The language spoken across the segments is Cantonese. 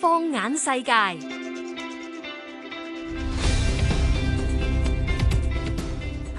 放眼世界。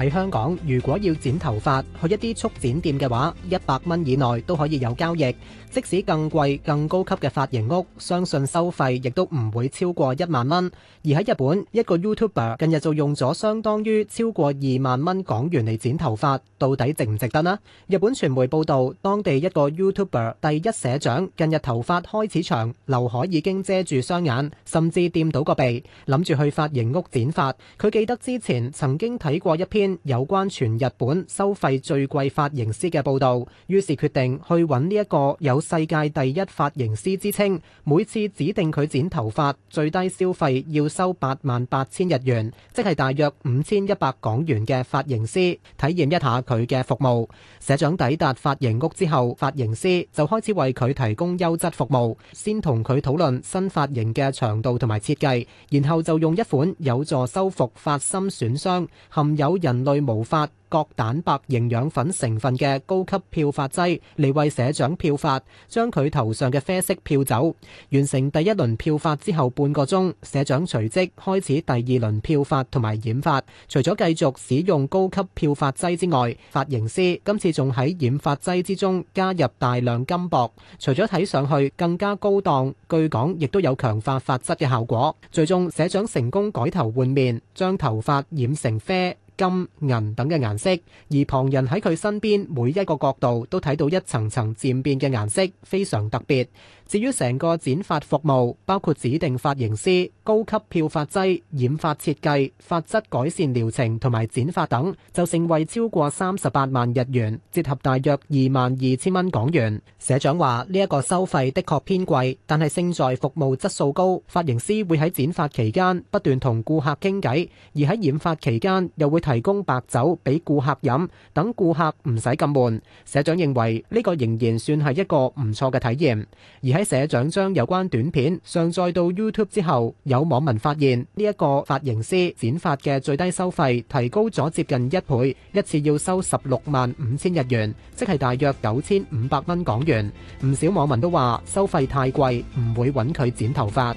喺香港，如果要剪頭髮去一啲速剪店嘅話，一百蚊以內都可以有交易。即使更貴、更高級嘅髮型屋，相信收費亦都唔會超過一萬蚊。而喺日本，一個 YouTuber 近日就用咗相當於超過二萬蚊港元嚟剪頭髮，到底值唔值得呢？日本傳媒報道，當地一個 YouTuber 第一社長近日頭髮開始長，劉海已經遮住雙眼，甚至掂到個鼻，諗住去髮型屋剪髮。佢記得之前曾經睇過一篇。有關全日本收費最貴髮型師嘅報道，於是決定去揾呢一個有世界第一髮型師之稱，每次指定佢剪頭髮最低消費要收八萬八千日元，即係大約五千一百港元嘅髮型師，體驗一下佢嘅服務。社長抵達髮型屋之後，髮型師就開始為佢提供優質服務，先同佢討論新髮型嘅長度同埋設計，然後就用一款有助修復髮心損傷、含有人類毛發角蛋白營養粉成分嘅高級漂發劑嚟為社長漂發，將佢頭上嘅啡色漂走。完成第一輪漂發之後半個鐘，社長隨即開始第二輪漂發同埋染髮。除咗繼續使用高級漂發劑之外，髮型師今次仲喺染髮劑之中加入大量金箔，除咗睇上去更加高檔，據講亦都有強化發質嘅效果。最終社長成功改頭換面，將頭髮染成啡。金、銀等嘅顏色，而旁人喺佢身邊每一個角度都睇到一層層漸變嘅顏色，非常特別。至於成個剪髮服務，包括指定髮型師、高級漂髮劑、染髮設計、髮質改善療程同埋剪髮等，就盛惠超過三十八萬日元，折合大約二萬二千蚊港元。社長話：呢一個收費的確偏貴，但係勝在服務質素高。髮型師會喺剪髮期間不斷同顧客傾偈，而喺染髮期間又會提供白酒俾顧客飲，等顧客唔使咁悶。社長認為呢個仍然算係一個唔錯嘅體驗，而喺社長將有關短片上載到 YouTube 之後，有網民發現呢一個髮型師剪髮嘅最低收費提高咗接近一倍，一次要收十六萬五千日元，即係大約九千五百蚊港元。唔少網民都話收費太貴，唔會揾佢剪頭髮。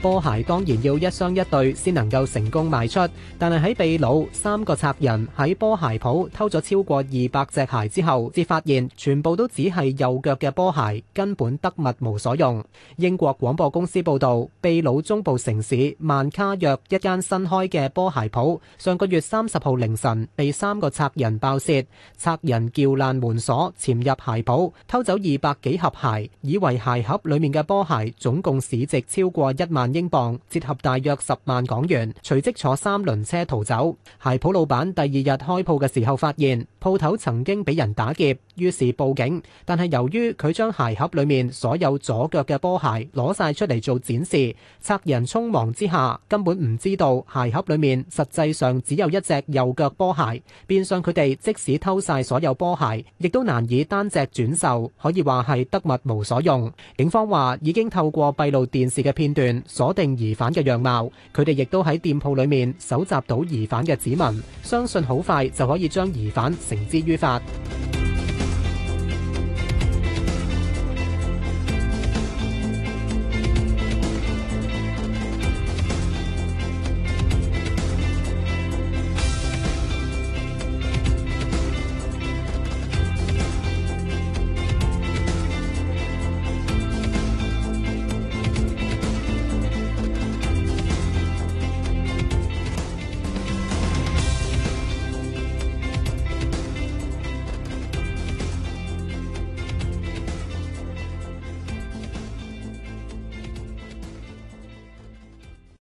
波鞋當然要一雙一對先能夠成功賣出，但係喺秘魯三個賊人喺波鞋舖偷咗超過二百隻鞋之後，至發現全部都只係右腳嘅波鞋，根本得物無所用。英國廣播公司報導，秘魯中部城市曼卡約一間新開嘅波鞋舖，上個月三十號凌晨被三個賊人爆竊，賊人撬爛門鎖潛入鞋舖偷走二百幾盒鞋，以為鞋盒裡面嘅波鞋總共市值超過一萬。英鎊折合大約十萬港元，隨即坐三輪車逃走。鞋鋪老闆第二日開鋪嘅時候發現，鋪頭曾經俾人打劫，於是報警。但係由於佢將鞋盒裏面所有左腳嘅波鞋攞晒出嚟做展示，賊人匆忙之下根本唔知道鞋盒裏面實際上只有一隻右腳波鞋，變相佢哋即使偷晒所有波鞋，亦都難以單隻轉售，可以話係得物無所用。警方話已經透過閉路電視嘅片段。鎖定疑犯嘅樣貌，佢哋亦都喺店鋪裏面搜集到疑犯嘅指紋，相信好快就可以將疑犯繩之於法。